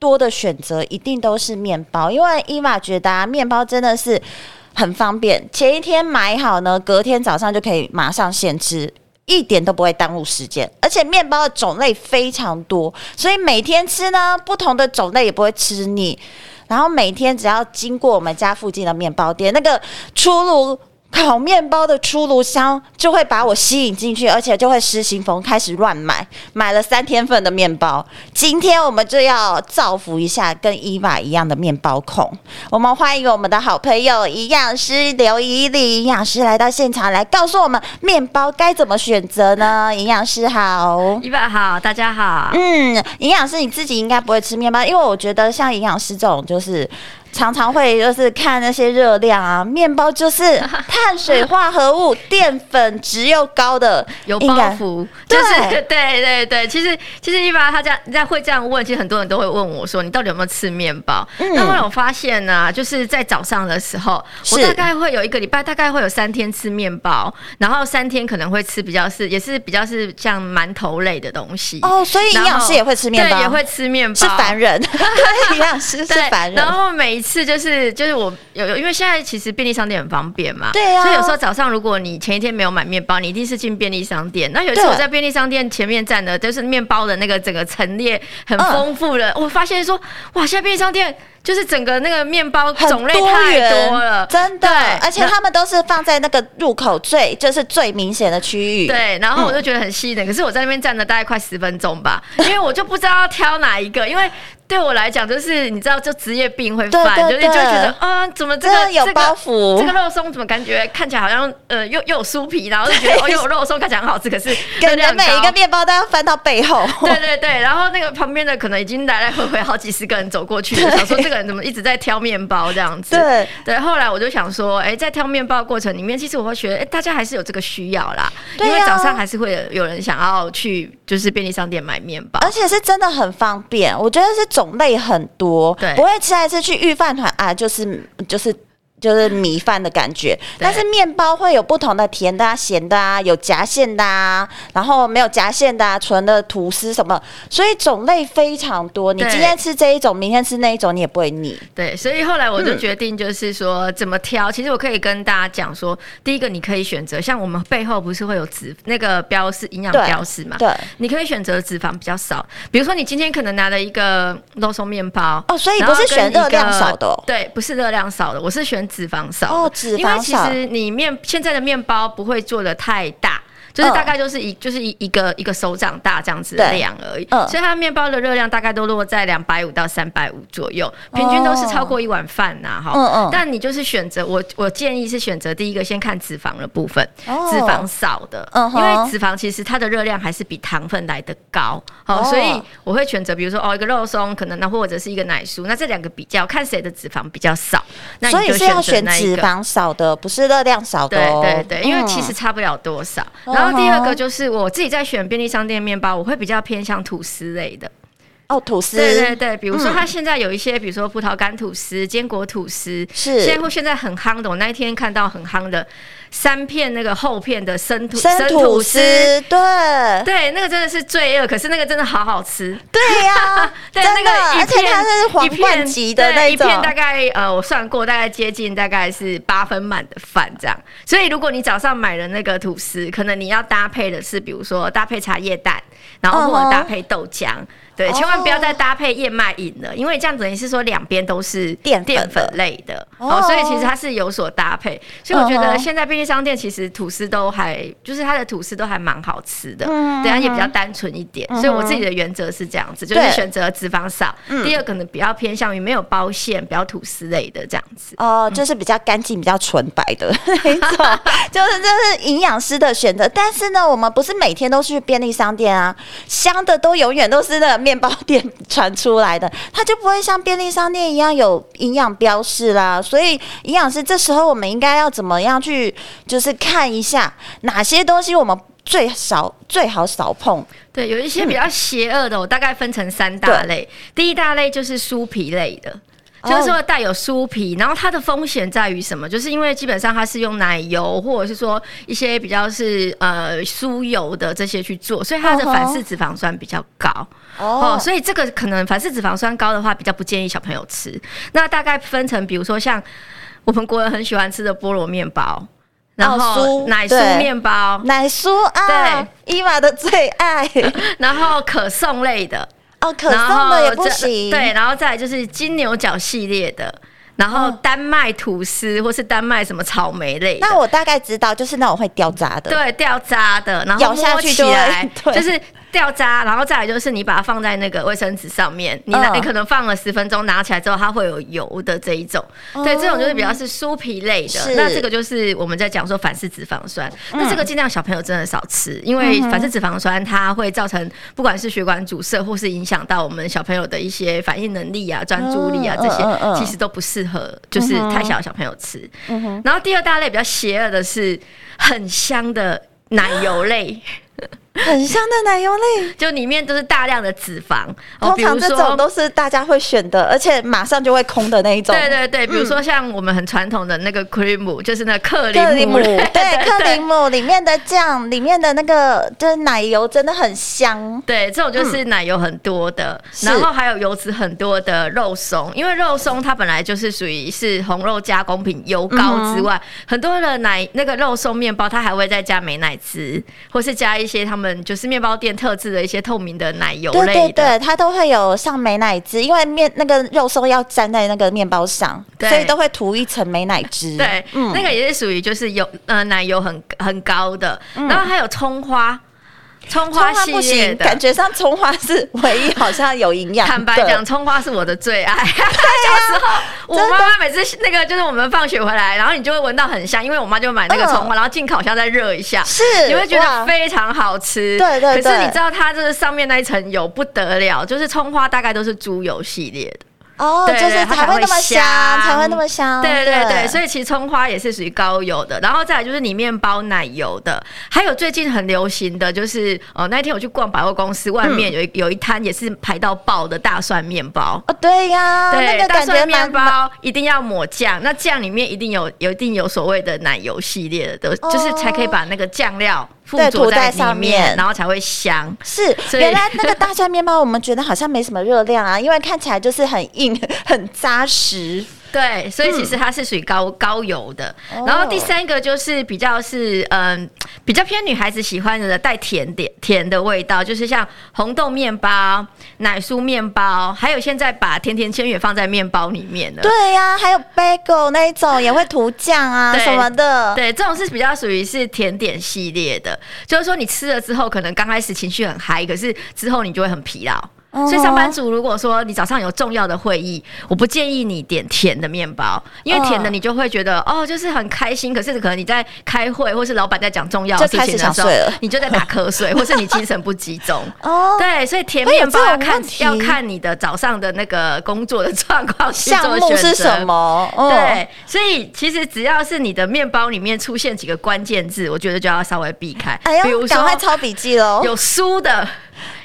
多的選擇一定都是麵包，因為伊娃覺得啊，麵包真的是很方便，前一天買好呢，隔天早上就可以馬上現吃，一點都不會耽誤時間，而且麵包的種類非常多，所以每天吃呢，不同的種類也不會吃膩。然後每天只要經過我們家附近的麵包店，那個出爐。烤麵包的出爐香就會把我吸引進去，而且就會失心瘋開始亂買，買了三天份的麵包。今天我們就要造福一下跟伊娃一樣的麵包控。我們歡迎我們的好朋友營養師劉怡里營養師來到現場來告訴我們麵包該怎麼選擇呢？營養師好，伊娃好，大家好。嗯，營養師你自己應該不會吃麵包，因為我覺得像營養師這種就是。常常會就是看那些熱量啊，麵包就是碳水化合物、澱粉質又高的，油包袱，就是對對對。其實其實一般他這樣在會這樣問，其實很多人都會問我說：“你到底有沒有吃麵包？”那我有發現啊，就是在早上的時候，我大概會有一個禮拜，大概會有三天吃麵包，然後三天可能會吃比較是也是比較是像饅頭類的東西哦。所以營養師也會吃麵包，也會吃麵包，是凡人。營養師是凡人，然後每。一次就是就是我有有，因為現在其實便利商店很方便嘛，對啊。所以有時候早上如果你前一天沒有買麵包，你一定是進便利商店。那有一次我在便利商店前面站的，就是麵包的那個整個陳列很豐富的。嗯、我發現說，哇，現在便利商店就是整個那個麵包種類太多了，多元，真的。對而且他們都是放在那個入口最就是最明顯的區域。對，然後我就覺得很吸引人。嗯、可是我在那邊站了大概快十分鐘吧，因為我就不知道要挑哪一個， 因為。對我來講，就是你知道，這職業病會犯，對對對就是就覺得啊、哦，怎麼這個這,有包袱這個這個肉鬆怎麼感覺看起來好像呃，又又有酥皮，然後就覺得對哦，又有肉鬆，看起來很好吃。可是可能每一個麵包都要翻到背後，對對對。然後那個旁邊的可能已經來來回回好幾十個人走過去對想說這個人怎麼一直在挑面包這樣子。對對。後來我就想說，哎、欸，在挑面包過程裡面，其實我會覺得，哎、欸，大家還是有這個需要啦，啊、因為早上還是會有人想要去。就是便利商店買麵包，而且是真的很方便。我覺得是種類很多，對，不會吃來吃去，御飯糰啊，就是就是。就是米飯的感覺，對但是面包會有不同的甜的啊、鹹的啊、有夾餡的啊，然後沒有夾餡的啊、純的吐司什麼，所以種類非常多。對你今天吃這一種，明天吃那一種，你也不會膩。對，所以後來我就決定，就是說怎麼挑。嗯、其實我可以跟大家講說，第一個你可以選擇，像我們背後不是會有脂那個標示營養標識嘛對？對，你可以選擇脂肪比較少。比如說你今天可能拿了一個肉鬆面包哦，所以不是選熱量少的。哦，對，不是熱量少的，我是選。脂肪少，因為其實你面現在的麵包不會做得太大。哦就是大概就是一、嗯、就是一一個一個手掌大這樣子的量而已，嗯、所以它麵包的熱量大概都落在兩百五到三百五左右，平均都是超過一碗飯吶哈。嗯嗯。但你就是選擇我，我建議是選擇第一個先看脂肪的部分，哦、脂肪少的，嗯、哼因為脂肪其實它的熱量還是比糖分來得高，好、哦，所以我會選擇比如說哦一個肉鬆，可能那或者是一個奶酥，那這兩個比較看誰的脂肪比較少，那你就、那個，所以你是要選那一脂肪少的，不是熱量少的、哦、對對對，嗯、因為其實差不了多少。然後第二個就是我自己在選便利商店麵包，我會比較偏向吐司類的。哦，吐司。對對對，比如說它現在有一些，比如說葡萄乾吐司、堅果吐司，嗯、是。現在很夯的，我那一天看到很夯的三片那個厚片的生吐生吐司，吐司對對，那個真的是罪惡，可是那個真的好好吃。對呀、啊， 對真的那個一，而且它是黃片級的那一片，對一片大概呃，我算過，大概接近大概是八分滿的飯這樣。所以如果你早上買了那個吐司，可能你要搭配的是，比如說搭配茶葉蛋，然後或者搭配豆漿。哦對，千萬不要再搭配燕麥飲了，因為這樣子你是說兩邊都是澱澱粉類的，哦，所以其實它是有所搭配。所以我覺得現在便利商店其實吐司都還，就是它的吐司都還蠻好吃的，對啊，也比較單純一點。所以我自己的原則是這樣子，就是選擇脂肪少，第二可能比較偏向於沒有包餡，比較吐司類的這樣子，哦，就是比較乾淨、比較純白的，就是這是營養師的選擇。但是呢，我們不是每天都去便利商店啊，香的都永遠都是那麵包店傳出來的，它就不會像便利商店一樣有營養標示啦。所以，營養師這時候我們應該要怎麼樣去，就是看一下哪些東西我們最少最好少碰。對，有一些比較邪惡的，嗯、我大概分成三大類。對第一大類就是酥皮類的。就是說帶有酥皮，oh. 然後它的風險在於什麼？就是因為基本上它是用奶油或者是說一些比較是呃酥油的這些去做，所以它的反式脂肪酸比較高 oh. Oh. 哦。所以這個可能反式脂肪酸高的話，比較不建議小朋友吃。那大概分成，比如說像我們國人很喜歡吃的菠蘿麵包，然後奶酥、oh. 奶酥麵包、對奶酥啊，對伊娃的最愛，然後可頌類的。哦，可頌的這也不行。對，然後再來就是金牛角系列的，然後丹麥吐司、哦、或是丹麥什麼草莓類。那我大概知道，就是那種會掉渣的，對，掉渣的，然後咬下去起來就是。掉渣，然後再來就是你把它放在那個衛生紙上面，你你可能放了十分鐘，拿起來之後它會有油的這一種，哦、對，這種就是比較是酥皮類的。是那這個就是我們在講說反式脂肪酸，那、嗯、這個盡量小朋友真的少吃，因為反式脂肪酸它會造成不管是血管阻塞，或是影響到我們小朋友的一些反應能力啊、專注力啊這些，其實都不適合就是太小的小朋友吃。嗯、哼然後第二大類比較邪惡的是很香的奶油類。很香的奶油類，就裡面都是大量的脂肪。通常這種都是大家會選的，而且馬上就會空的那一種。對對對，嗯、比如說像我們很傳統的那個クリーム，就是那個克林姆、姆，對、對、對、對克林姆裡面的醬，裡面的那個就是奶油真的很香。對，這種就是奶油很多的，嗯、然後還有油脂很多的肉鬆，是因為肉鬆它本來就是屬於是紅肉加工品油膏之外，嗯嗯很多的奶那個肉鬆麵包，它還會再加美乃滋，或是加一些他們，們就是麵包店特制的一些透明的奶油類的，對對對，它都會有上美乃滋，因為麵那個肉鬆要粘在那個麵包上，對所以都會塗一層美乃滋。對，嗯，那個也是屬於就是有呃奶油很很高的，嗯，然後還有蔥花。蔥花系列的花，感覺上蔥花是唯一好像有營養。坦白講講，蔥對 花是我的最愛。啊、 小時候，我媽媽每次那個就是我們放學回來，真的 然後你就會聞到很香，因為我媽就買那個蔥花，呃、然後進烤箱再熱一下，是你會覺得非常好吃。對對對，可是你知道它這個上面那一層油不得了，就是蔥花大概都是豬油系列的。哦，就是才會那麼香，才會那麼香。對對對，所以其實蔥花也是屬於高油的。然後再來就是裡面包奶油的，還有最近很流行的就是，呃那天我去逛百貨公司，外面有有一攤也是排到爆的大蒜麵包。哦，對呀，那個大蒜麵包一定要抹醬，那醬裡面一定有，有一定有所謂的奶油系列的，就是才可以把那個醬料附着在裡面，然後才會香。是，原來那個大蒜麵包我們覺得好像沒什麼熱量啊，因為看起來就是很硬。 很扎實，對，所以其實它是屬於高、嗯、高油的。然後第三個就是比較是嗯比較偏女孩子喜歡的帶甜點甜的味道，就是像紅豆麵包、奶酥麵包，還有現在把甜甜圈也放在麵包裡面的。對呀、啊，還有 bagel 那一種 也會塗醬啊對什麼的。對，這種是比較屬於是甜點系列的，就是說你吃了之後，可能剛開始情緒很嗨，可是之後你就會很疲勞。所以上班族如果說你早上有重要的會議，oh. 我不建議你點甜的面包，因為甜的你就會覺得、oh. 哦，就是很開心。可是可能你在開會，或是老板在講重要的事情的時候，就你就在打瞌睡， 或是你精神不集中。哦，oh. 對，所以甜麵包要看要看你的早上的那個工作的狀況，項目是什麼？Oh. 對，所以其實只要是你的面包裡面出現幾個關鍵字，我覺得就要稍微避開。哎呦，比如說，趕快抄筆記咯，有書的。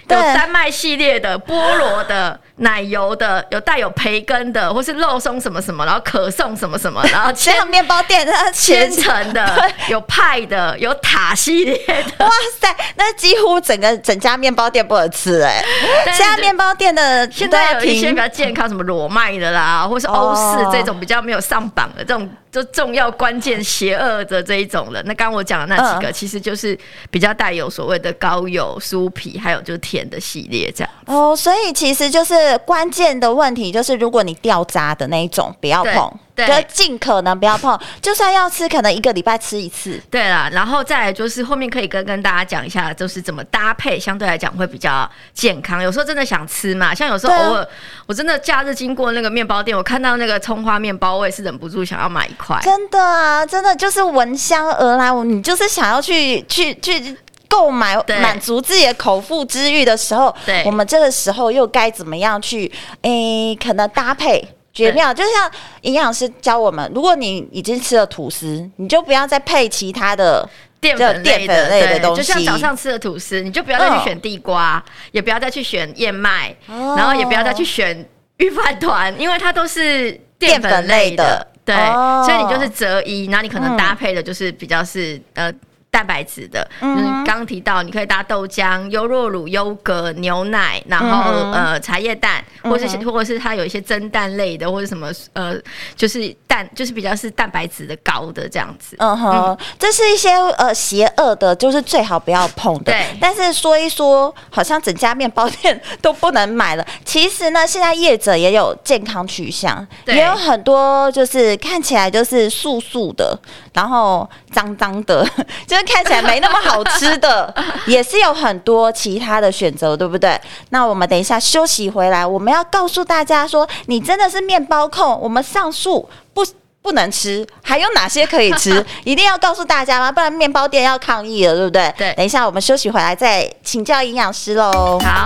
對有丹麥系列的、菠蘿的、奶油的，有帶有培根的，或是肉鬆什麼什麼，然後可頌什麼什麼，然後其他 麵包店呢？千層的， 有派的，有塔系列的。哇塞，那幾乎整個整家麵包店不好吃哎、欸。現在麵包店的對現在有一些比較健康，什麼裸麥的啦，或是歐式這種比較沒有上榜的這種。哦就重要關鍵邪惡的這一種了。那剛我講的那幾個，其實就是比較帶有所謂的高油酥皮，還有就是甜的系列這樣。哦、呃，所以其實就是關鍵的問題，就是如果你掉渣的那一種，不要碰。對，盡可能不要碰。就算要吃，可能一個禮拜吃一次。對啦，然後再來就是後面可以跟跟大家講一下，就是怎麼搭配，相對來講會比較健康。有時候真的想吃嘛，像有時候偶爾，哦、我真的假日經過那個麵包店，我看到那個蔥花麵包，我也是忍不住想要買一塊。真的啊，真的就是聞香而來，你就是想要去去去購買，對，滿足自己的口腹之欲的時候，對我們這個時候又該怎麼樣去誒、欸？可能搭配。絕妙，對就像營養師教我們，如果你已經吃了吐司，你就不要再配其他的澱粉類的東西。就像早上吃的吐司，你就不要再去選地瓜，oh. 也不要再去選燕麥，oh. 然後也不要再去選御飯糰，因為它都是澱粉類的。類的 oh. 對，所以你就是擇一，然後你可能搭配的就是比較是、oh. 呃。蛋白質的，嗯，你剛提到你可以搭豆漿、優酪乳、優格、牛奶，然後、嗯、哼呃，茶葉蛋，或者是、嗯、哼或者是它有一些蒸蛋類的，或者什麼呃，就是蛋就是比較是蛋白質的高的這樣子。嗯哼，嗯，這是一些呃邪惡的，就是最好不要碰的。對。但是說一說，好像整家麵包店都不能買了。其實呢，現在業者也有健康取向，對也有很多就是看起來就是素素的。然後髒髒的，就是看起來沒那麼好吃的， 也是有很多其他的選擇，對不對？那我們等一下休息回來，我們要告訴大家說，你真的是麵包控，我們上述不不能吃，還有哪些可以吃，一定要告訴大家嗎？不然麵包店要抗議了，對不對？對，等一下我們休息回來再請教營養師嘍。好。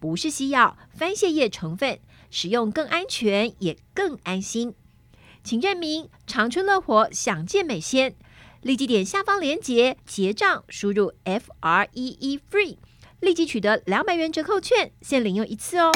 不是西藥，番瀉葉成分，使用更安全，也更安心。請認明常春樂活享健美纖，立即點下方連結，結賬，結輸入 F R E E FREE，立即取得兩百元折扣券，限領用一次哦。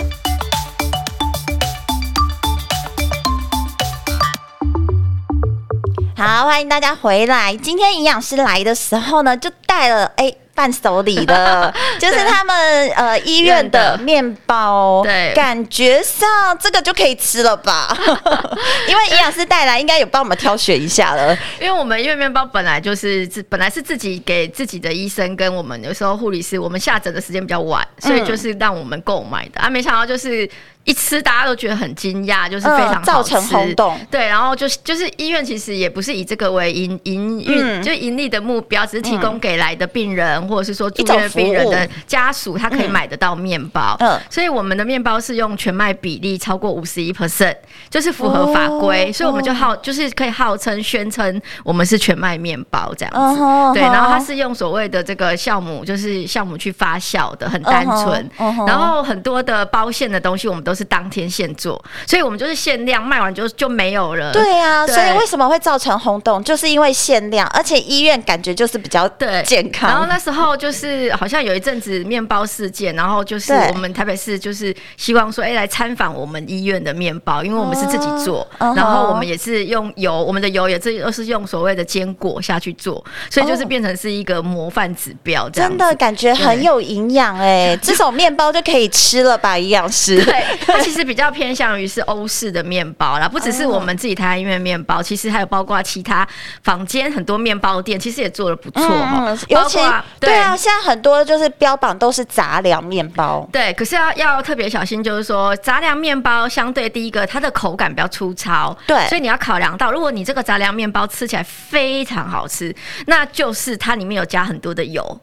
好，歡迎大家回來。今天營養師來的時候呢，就帶了哎。誒伴手禮的， 就是他們對呃醫院的麵包，對的，感覺上這個就可以吃了吧？對 因為營養師帶來， 應該有幫我們挑選一下了。因為我們因為麵包本來就是，本來是自己給自己的醫生跟我們，有時候護理師，我們下診的時間比較晚，所以就是讓我們購買的、嗯、啊，沒想到就是。一吃大家都覺得很驚訝，就是非常好吃。呃、造成轟動，對，然後就就是醫院其實也不是以這個為盈盈，嗯、就盈利的目標，只是提供給來的病人、嗯、或者是說住院病人的家屬，嗯、他可以買得到面包。嗯呃、所以我們的面包是用全麥比例超過五十一 percent，就是符合法規，哦、所以我們就好、哦、就是可以號稱宣稱我們是全麥麵包這樣子。哦，哦對，然後它是用所謂的這個酵母，就是酵母去發酵的，很單純。哦哦、然後很多的包餡的東西，我們都是當天現做，所以我們就是限量賣完就就沒有了。對呀、啊，對所以為什麼會造成轟動，就是因為限量，而且醫院感覺就是比較對健康對。然後那時候就是好像有一陣子面包事件，然後就是我們台北市就是希望說，哎、欸，來參訪我們醫院的面包，因為我們是自己做，oh, uh huh. 然後我們也是用油，我們的油也是用所謂的堅果下去做，所以就是變成是一個模範指標這樣，oh, 真的感覺很有營養哎，這種麵包就可以吃了吧，營養師。對它其實比較偏向於是歐式的麵包啦，不只是我們自己台灣的麵包，哦、其實還有包括其他坊間很多麵包店，其實也做得不錯哈。嗯、包括尤其對啊，現在很多就是標榜都是雜糧麵包，嗯，對，可是要要特別小心，就是說雜糧麵包相對第一個它的口感比較粗糙，對，所以你要考量到，如果你這個雜糧麵包吃起來非常好吃，那就是它裡面有加很多的油。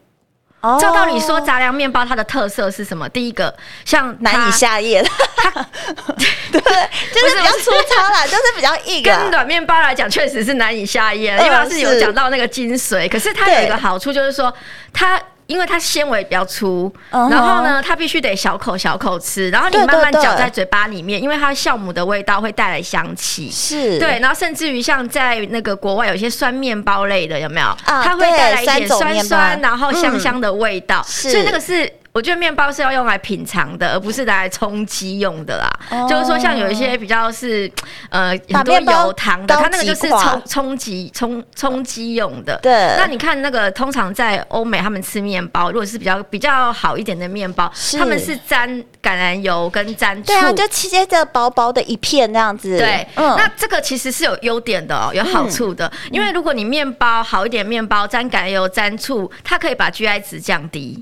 照道理說、哦、雜糧麵包它的特色是什麼？第一個像難以下嚥，它 對， 就是比較粗糙啦，就是比較硬、啊。跟軟麵包來講，確實是難以下嚥。因為老師、呃、是有講到那個精髓，是可是它有一個好處就是說對它。因為它纖維比較粗，uh huh、然後呢，它必須得小口小口吃，然後你慢慢嚼在嘴巴裡面，對對對，因為它酵母的味道會帶來香氣，是對，然後甚至於像在那個國外有一些酸麵包類的有沒有？啊、它會帶來一點酸酸，然後香香的味道，嗯、是，所以那個是。我覺得麵包是要用來品嚐的，而不是拿來充飢用的啦。Oh, 就是說，像有一些比較是呃很多油麵糖的，它那個就是充充飢充充飢用的。對。那你看那個通常在歐美他們吃麵包，如果是比較比較好一點的麵包，是他們是沾橄欖油跟沾醋，對啊，就切着薄薄的一片那樣子。對。嗯、那這個其實是有優點的、喔，有好處的，嗯、因為如果你麵包好一點麵，麵包沾橄欖油沾醋，它可以把 GI 值降低。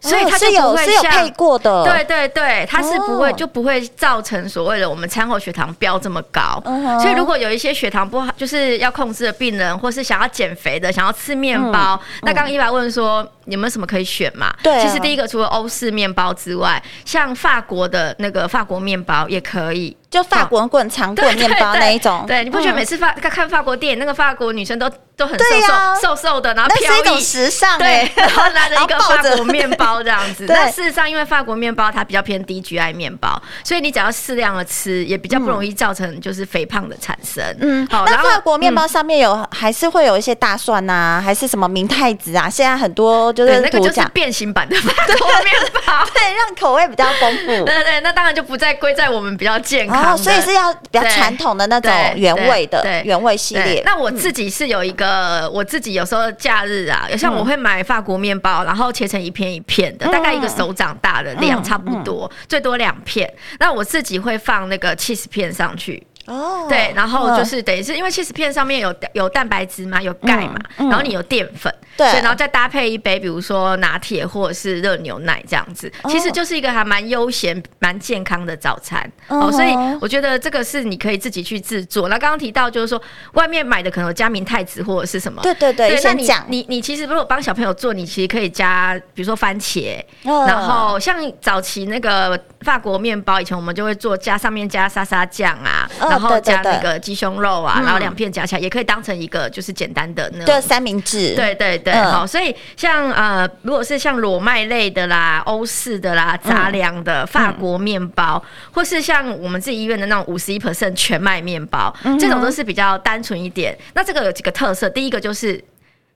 所以它是有是有配過的，對對對，它是不會就不會造成所謂的我們餐後血糖飆這麼高。所以如果有一些血糖不好，就是要控制的病人，或是想要減肥的，想要吃麵包，那剛剛伊爸問說有沒有什麼可以選嘛？對，其實第一個除了歐式麵包之外，像法國的那個法國麵包也可以，就法國滾長棍麵包那一種。對，對，你不覺得每次法看法國電影那個法國女生都？都很瘦瘦瘦瘦的，然後飄逸、時尚。對，然後拿着一個法國麵包這樣子。但事實上，因為法國麵包它比較偏低 GI 麵包，所以你只要適量的吃，也比較不容易造成就是肥胖的產生。嗯，好。那法國麵包上面有還是會有一些大蒜吶，還是什麼明太子啊？現在很多就是那個就是變形版的法國麵包，對，讓口味比較豐富。對對，那當然就不再歸在我們比較健康，所以是要比較傳統的那種原味的原味系列。那我自己是有一個。呃，我自己有時候假日啊，像我會買法國麵包，然後切成一片一片的，大概一個手掌大的量差不多，最多兩片。那我自己會放那個 cheese 片上去。哦，對，然後就是等於是因為起司片上面有有蛋白質嘛，有鈣嘛，嗯嗯、然後你有澱粉，對，然後再搭配一杯比如說拿鐵或者是熱牛奶這樣子，哦、其實就是一個還蠻悠閒、蠻健康的早餐。哦，哦，所以我覺得這個是你可以自己去製作。那剛剛提到就是說外面買的可能有加明太子或者是什麼，對對對，那對你你你其實如果幫小朋友做，你其實可以加比如說番茄，哦、然後像早期那個法國麵包，以前我們就會做加上面加沙沙醬啊。哦然後加那個雞胸肉啊，對對對然後兩片夾起來，也可以當成一個就是簡單的那個三明治。對對對，嗯、好，所以像呃，如果是像裸麥類的啦、歐式的啦、雜糧的、嗯、法國麵包，嗯、或是像我們自己醫院的那種五十一 percent 全麥麵包，嗯、哼哼這種都是比較單純一點。那這個有幾個特色，第一個就是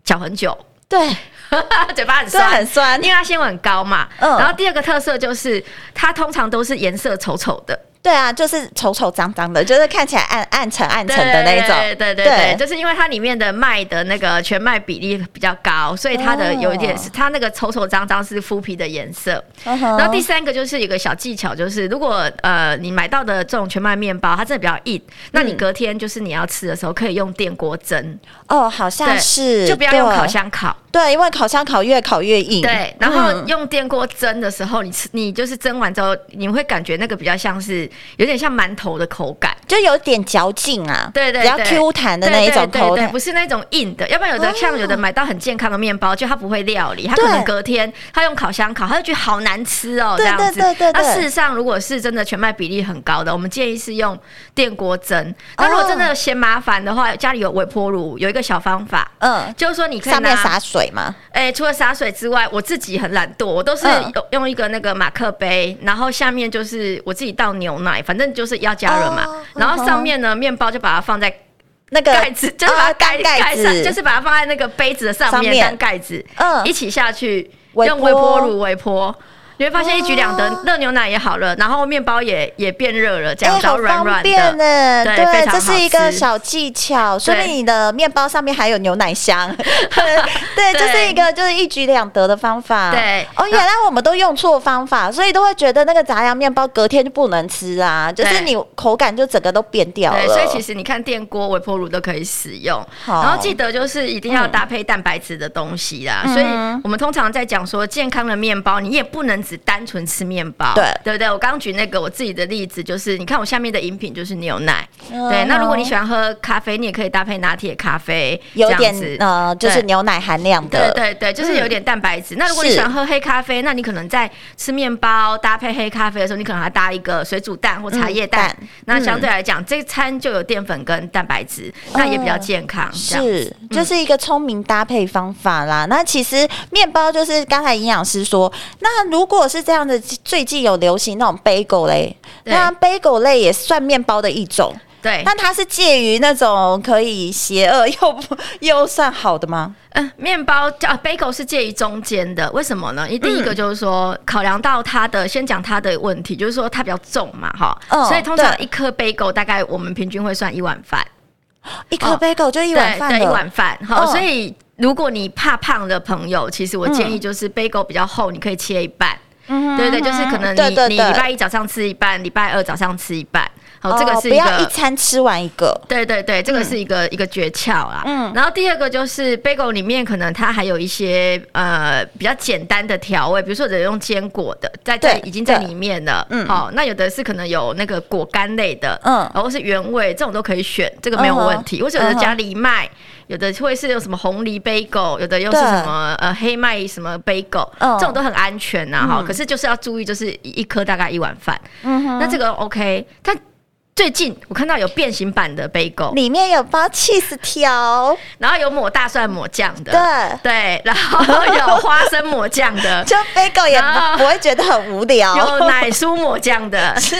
嚼很久，對， 嘴巴很酸很酸，因為它纖維很高嘛。嗯、然後第二個特色就是它通常都是顏色醜丑的。對啊，就是醜醜髒髒的，就是看起來暗暗沉暗沉的那種。對，對對對，對，就是因為它裡面的麥的那個全麥比例比較高，所以它的有一點是、哦、它那個醜醜髒髒是麩皮的顏色。嗯、哼然後第三個就是有個小技巧，就是如果呃你買到的這種全麥麵包，它真的比較硬，嗯、那你隔天就是你要吃的時候可以用電鍋蒸。哦，好像是，就不要用烤箱烤對。對，因為烤箱烤越烤越硬。對，然後用電鍋蒸的時候，你吃你就是蒸完之後，你會感覺那個比較像是。有點像饅頭的口感，就有點嚼勁啊，對，對對，比較 Q 彈的那一種口感，不是那種硬的。要不然有的、哦、像有的買到很健康的面包，就它不會料理，它可能隔天對它用烤箱烤，他就覺得好難吃哦、喔，這樣子。那事實上，如果是真的全麥比例很高的，我們建議是用電鍋蒸。那如果真的嫌麻煩的話，家裡有微波爐，有一個小方法，嗯，就是說你可以拿上面灑水嘛，哎、欸，除了灑水之外，我自己很懶惰，我都是用一個那個馬克杯，然後下面就是我自己倒牛奶。反正就是要加熱嘛、哦，然後上面呢，麵、嗯、哼包就把它放在那個蓋子，就是把它蓋蓋、呃、子上，就是把它放在那個杯子的上面當蓋子，呃、一起下去微波用微波爐微波。你會發現一舉兩得，熱牛奶也好了，然後麵包也也變熱了，這樣好方便呢。對，這是一個小技巧，說明你的麵包上面還有牛奶香，對，這是一個就是一舉兩得的方法。對，哦，原來我們都用錯方法，所以都會覺得那個雜糧麵包隔天就不能吃啊，就是你口感就整個都變掉了。對，所以其實你看電鍋、微波爐都可以使用，然後記得就是一定要搭配蛋白質的東西啦。所以我們通常在講說健康的麵包，你也不能。只單純吃麵包，對，對不對？我剛剛舉那個我自己的例子，就是你看我下面的飲品就是牛奶，對。那如果你喜歡喝咖啡，你也可以搭配拿鐵咖啡，有點呃，就是牛奶含量的，對對對，就是有點蛋白質。那如果你想喝黑咖啡，那你可能在吃面包搭配黑咖啡的時候，你可能還搭一個水煮蛋或茶葉蛋。那相對來講，這餐就有澱粉跟蛋白質，那也比較健康。是，就是一個聰明搭配方法啦。那其實面包就是剛才營養師說，那如果如果是這樣的，最近有流行那種 bagel 嘞，那對 bagel 類也算麵包的一種，對，但它是介於那種可以邪惡又又算好的嗎？嗯、呃，麵包叫、啊、bagel 是介於中間的，為什麼呢？第一個就是說、嗯、考量到它的，先講它的問題，就是說它比較重嘛，哈，哦、所以通常一顆 bagel 大概我們平均會算一碗飯、哦，一顆 bagel 就一碗飯，一碗飯哈。哦、所以如果你怕胖的朋友，其實我建議就是 bagel 比較厚，你可以切一半。 對對對，就是可能你，對對對，你禮拜一早上吃一半，禮拜二早上吃一半。哦，不要一餐吃完一個。對對對，這個是一個一個訣竅啦。嗯，然後第二個就是 bagel 裡面可能它還有一些呃比較簡單的調味，比如說有人用堅果的在在已經在裡面了。嗯，好，那有的是可能有那個果乾類的。嗯，然後是原味這種都可以選，這個沒有問題。或者有的加藜麥，有的會是用什麼紅藜 bagel，有的又是什麼呃黑麥什麼 bagel，這種都很安全吶。哈，可是就是要注意，就是一顆大概一碗飯。嗯哼，那這個 OK，但。最近我看到有變形版的 bagel，裡面有包 cheese 條，然後有抹大蒜抹醬的，對對，然後有花生抹醬的， 就 bagel 也，不會覺得很無聊，有奶酥抹醬的， 是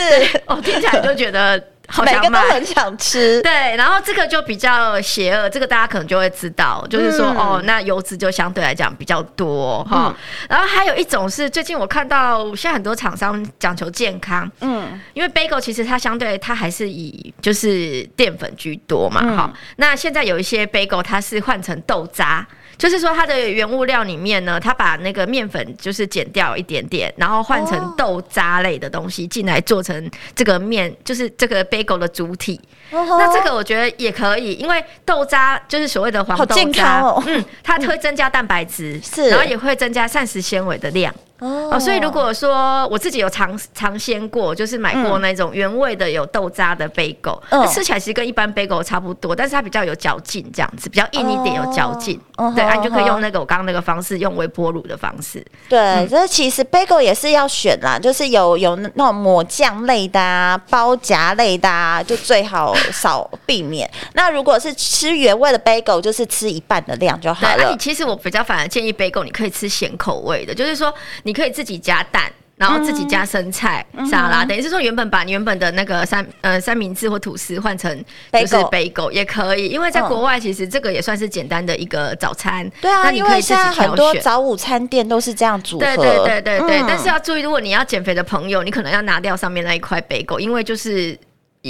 哦，我聽起來就覺得。每個都很想吃，對，然後這個就比較邪惡，這個大家可能就會知道，就是說、嗯、哦，那油脂就相對來講比較多哈、哦。嗯、然後還有一種是最近我看到現在很多廠商講求健康，嗯，因為貝果其實它相對它還是以就是澱粉居多嘛，嗯、好，那現在有一些貝果它是換成豆渣。就是說，它的原物料裡面呢，它把那個麵粉就是減掉一點點，然後換成豆渣類的東西進、oh. 來做成這個麵，就是這個 bagel 的主體。Oh. 那這個我覺得也可以，因為豆渣就是所謂的黃豆渣，健康哦、嗯，它會增加蛋白質、嗯，是，然後也會增加膳食纖維的量。Oh, 哦，所以如果說我自己有嘗嘗鮮過，就是買過那種原味的有豆渣的 bagel、嗯。吃起來其實跟一般 bagel 差不多，但是它比較有嚼勁，這樣子比較硬一點有嚼勁。Oh, 對、oh, 啊，你就可以用那個、oh, 我剛剛那個方式，用微波爐的方式。對，這、嗯、其實 bagel 也是要選啦，就是有有那種抹醬類的啊、包夾類的啊，就最好少避免。 那如果是吃原味的 bagel，就是吃一半的量就好了。啊、你其實我比較反而建議 bagel，你可以吃鹹口味的，就是說。你可以自己加蛋，然後自己加生菜、嗯、沙拉，等於是說你原本把你原本的那個三呃三明治或吐司換成就是貝果也可以，因為在國外其實這個也算是簡單的一個早餐。嗯、對啊，那你可以自己挑選，因為現在很多早午餐店都是這樣組合，對，對對對對。嗯、但是要注意，如果你要減肥的朋友，你可能要拿掉上面那一塊貝果，因為就是。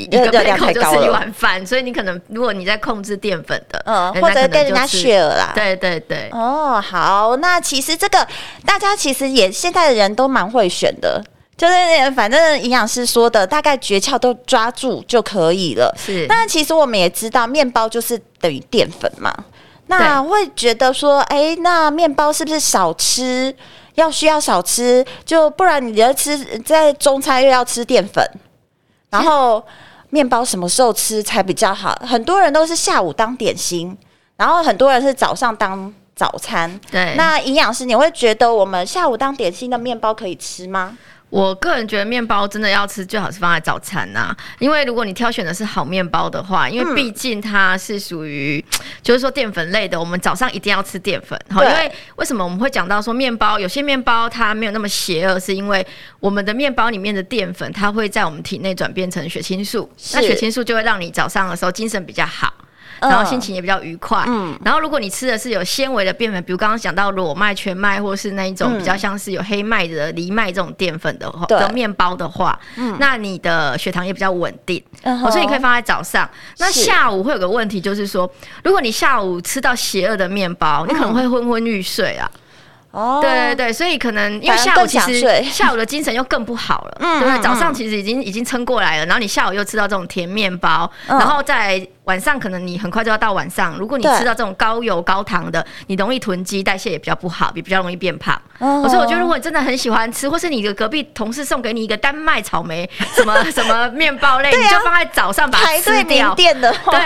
一個兩量就吃一碗飯，嗯、所以你可能如果你在控制澱粉的，嗯，就是、或者跟人家 share 啦，對對對，哦，好，那其實這個大家其實也現在的人都蠻會選的，就是反正營養師說的大概訣竅都抓住就可以了。是，那其實我們也知道麵包就是等於澱粉嘛，那會覺得說，哎對、欸，那麵包是不是少吃，要需要少吃，就不然你要吃在中餐又要吃澱粉。然後麵包什麼時候吃才比較好？很多人都是下午當點心，然後很多人是早上當早餐。對，那營養師，你會覺得我們下午當點心的麵包可以吃嗎？我個人覺得麵包真的要吃，最好是放在早餐吶啊，因為如果你挑選的是好麵包的話，因為畢竟它是屬於就是說澱粉類的，我們早上一定要吃澱粉。好，因為為什麼我們會講到說麵包，有些麵包它沒有那麼邪惡，是因為我們的麵包裡面的澱粉它會在我們體內轉變成血清素，那血清素就會讓你早上的時候精神比較好。然後心情也比較愉快。嗯，然後如果你吃的是有纖維的澱粉，比如剛剛講到裸麥、全麥，或是那一種比較像是有黑麥的、藜、嗯、麥這種澱粉的話的對麵包的話，嗯、那你的血糖也比較穩定。嗯哼、哦，所以你可以放在早上。那下午會有個問題，就是說，如果你下午吃到邪惡的麵包，你可能會昏昏欲睡啊。哦、嗯，對對對，所以可能因為下午其實下午的精神又更不好了。嗯，對不對，早上其實已經已經撐過來了，嗯、然後你下午又吃到這種甜麵包，嗯、然後再。晚上可能你很快就要到晚上，如果你吃到這種高油高糖的，對你容易囤積，代謝也比較不好，也比較容易變胖。我說、uh huh. 我覺得，如果你真的很喜歡吃，或是你的隔壁同事送給你一個丹麥草莓， 什麼什麼面包類， 啊、你就放在早上把它吃掉。對，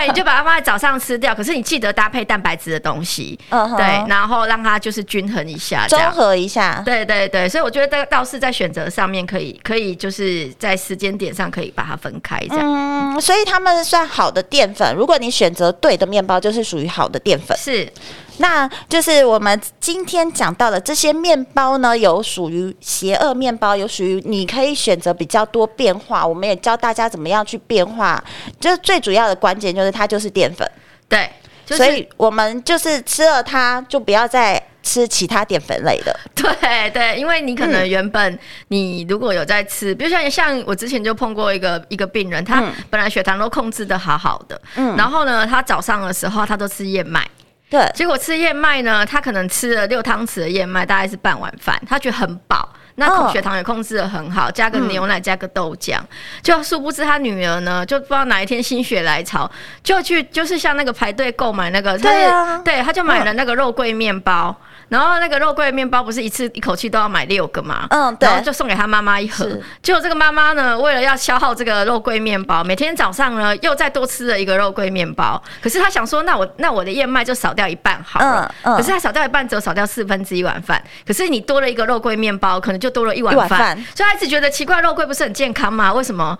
你就把它放在早上吃掉。可是你記得搭配蛋白質的東西，uh huh. 對，然後讓它就是均衡一下這樣，綜合一下。對對對，所以我覺得這個倒是在選擇上面可以可以，就是在時間點上可以把它分開這樣。嗯，所以他們算好的澱粉。如果你選擇對的麵包，就是屬於好的澱粉。是，那就是我們今天講到的這些麵包呢，有屬於邪惡麵包，有屬於你可以選擇比較多變化。我們也教大家怎麼樣去變化，就是最主要的關鍵就是它就是澱粉。對。所以我們就是吃了它，就不要再吃其他澱粉類的。對對，因為你可能原本你如果有在吃，嗯、比如像像我之前就碰過一個一個病人，他本來血糖都控制得好好的，嗯、然後呢，他早上的時候他都吃燕麥，對，結果吃燕麥呢，他可能吃了六湯匙的燕麥，大概是半碗飯，他覺得很飽。那控血糖也控制得很好，哦、加個牛奶，加個豆漿，嗯、就殊不知他女兒呢，就不知道哪一天心血來潮，就去就是像那個排隊購買那個，對啊、就是對，他就買了那個肉桂麵包。哦嗯然後那個肉桂麵包不是一次一口氣都要買六個嘛？嗯，對。然後就送給他媽媽一盒。是結果這個媽媽呢，為了要消耗這個肉桂麵包，每天早上呢又再多吃了一個肉桂麵包。可是她想說，那我那我的燕麥就少掉一半好了。嗯，嗯。可是她少掉一半，只有少掉四分之一碗飯。可是你多了一個肉桂麵包，可能就多了一碗飯。一碗飯。所以她一直覺得，奇怪，肉桂不是很健康嗎？為什麼？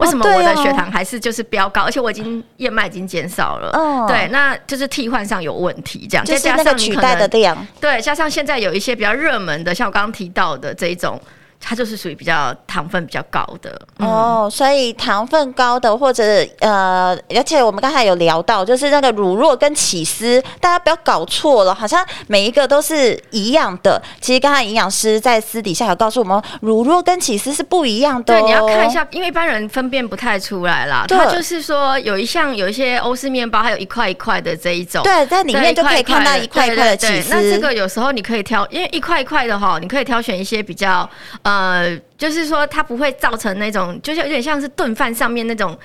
為什麼我的血糖還是就是飆高？哦、而且我已經燕麥、嗯、已經減少了，哦、對，那就是替換上有問題，這樣是取代，再加上你可能對，加上現在有一些比較熱門的，像我剛剛提到的這種。它就是屬於比較糖分比較高的、嗯、哦，所以糖分高的或者呃，而且我們剛才有聊到，就是那個乳酪跟起司，大家不要搞錯了，好像每一個都是一樣的。其實剛才營養師在私底下有告訴我們，乳酪跟起司是不一樣的、喔。對，你要看一下，因為一般人分辨不太出來啦。對，就是說有一項有一些歐式麵包，還有一塊一塊的這一種，對，在裡面就可以看到一塊一塊的，的起司對對對。那這個有時候你可以挑，因為一塊一塊的話，你可以挑選一些比較呃。呃，就是說它不會造成那種，就是有點像是燉飯上面那種。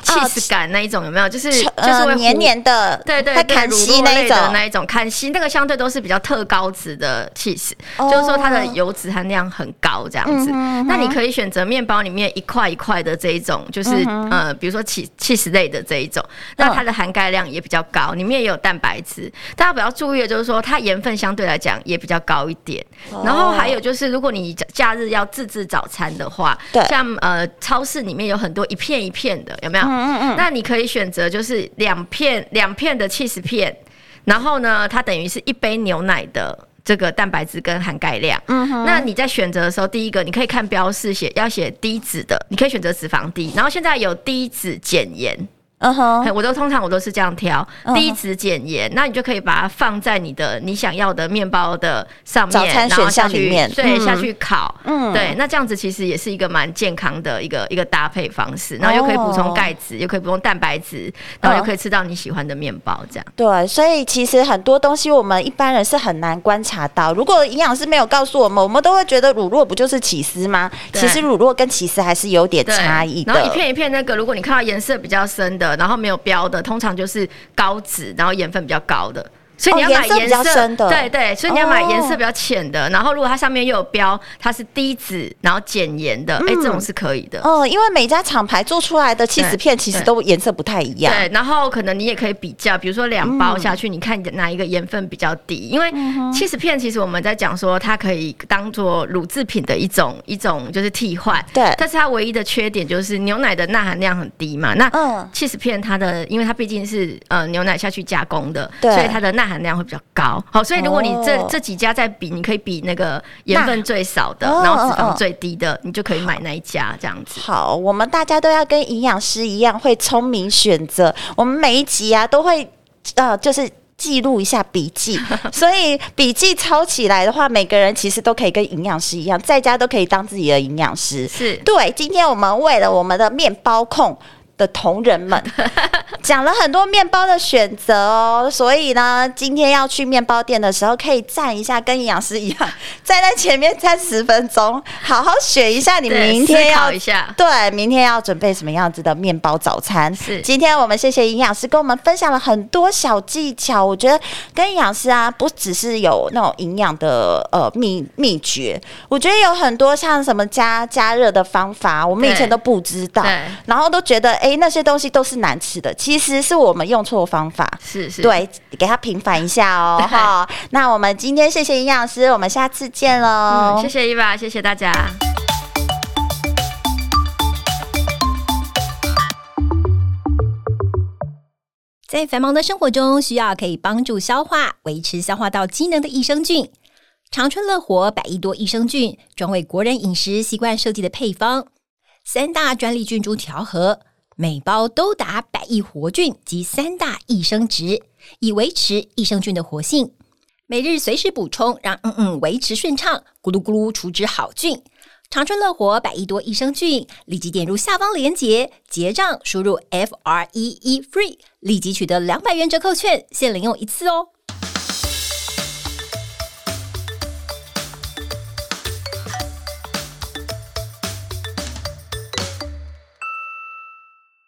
氣 h 感那一種有沒有？就是就是黏黏的，對對，它奶昔那一種那一種那個相對都是比較特高值的氣 h，就是說它的油脂含量很高這樣子。那你可以選擇麵包裡面一塊一塊的這一種，就是呃，比如說起 h e 類的這一種，那它的含鈣量也比較高，裡面也有蛋白質。大家比較注意的就是說，它鹽分相對來講也比較高一點。然後還有就是，如果你假日要自製早餐的話，像呃，超市裡面有很多一片一片的，有沒有？嗯嗯嗯，那你可以選擇就是兩片兩片的起司片，然後呢，它等於是一杯牛奶的這個蛋白質跟含鈣量。嗯哼，那你在選擇的時候，第一個你可以看標示寫要寫低脂的，你可以選擇脂肪低，然後現在有低脂減鹽。嗯哼、uh huh.，我都通常我都是這樣挑低脂減鹽，那你就可以把它放在你的你想要的麵包的上面，面然後下去面，嗯、對，下去烤，嗯，對，那這樣子其實也是一個蠻健康的一個一個搭配方式，然後又可以補充鈣質，又、oh. 可以補充蛋白質，然後又可以吃到你喜歡的麵包這樣。對，所以其實很多東西我們一般人是很難觀察到，如果營養師沒有告訴我們，我們都會覺得乳酪不就是起司嗎？對其實乳酪跟起司還是有點差異的。然後一片一片那個，如果你看到顏色比較深的。然後沒有標的，通常就是高脂，然後鹽分比較高的。所以你要買顏色、哦、顏色比較深的，對，對對，所以你要買顏色比較淺的。哦、然後如果它上面又有標，它是低脂，然後減鹽的，哎、嗯、欸，這種是可以的。嗯，因為每家廠牌做出來的起司片其實都顏色不太一樣。對，然後可能你也可以比較，比如說兩包下去，嗯、你看哪一個鹽分比較低。因為起司片其實我們在講說它可以當做乳制品的一種一種就是替換。對，但是它唯一的缺點就是牛奶的鈉含量很低嘛，那起司片它的因為它畢竟是呃牛奶下去加工的，對所以它的鈉。含量會比較高，好，所以如果你這，oh. 這幾家在比，你可以比那個鹽分最少的，那然後脂肪最低的，oh. 你就可以買那一家這樣子。好，我們大家都要跟營養師一樣，會聰明選擇。我們每一集啊，都會呃，就是記錄一下筆記， 所以筆記抄起來的話，每個人其實都可以跟營養師一樣，在家都可以當自己的營養師。是對，今天我們為了我們的麵包控。的同仁們講了很多麵包的選擇哦，所以呢，今天要去麵包店的時候可以站一下，跟營養師一樣站在前面站十分鐘，好好選一下你明天要思考一下對，明天要準備什麼樣子的面包早餐。是，今天我們謝謝營養師跟我們分享了很多小技巧，我覺得跟營養師啊不只是有那種營養的呃秘秘訣，我覺得有很多像什麼加加熱的方法，我們以前都不知道，然後都覺得哎。欸那些東西都是難吃的，其實是我們用錯的方法。是是，對，給他平反一下哦，哈對、哦。那我們今天謝謝營養師，我們下次見嘍。嗯，謝謝怡里，謝謝大家。在繁忙的生活中，需要可以幫助消化、維持消化道機能的益生菌。常春樂活佰益多益生菌，專為國人飲食習慣設計的配方，三大專利菌株調和。.每包都達百億活菌及三大益生質，以維持益生菌的活性。每日隨時補充，讓嗯嗯維持順暢。咕嚕咕嚕，儲值好菌。常春樂活佰益多益生菌，立即點入下方連結結賬，輸入 FREE FREE，立即取得兩百元折扣券，限領用一次哦。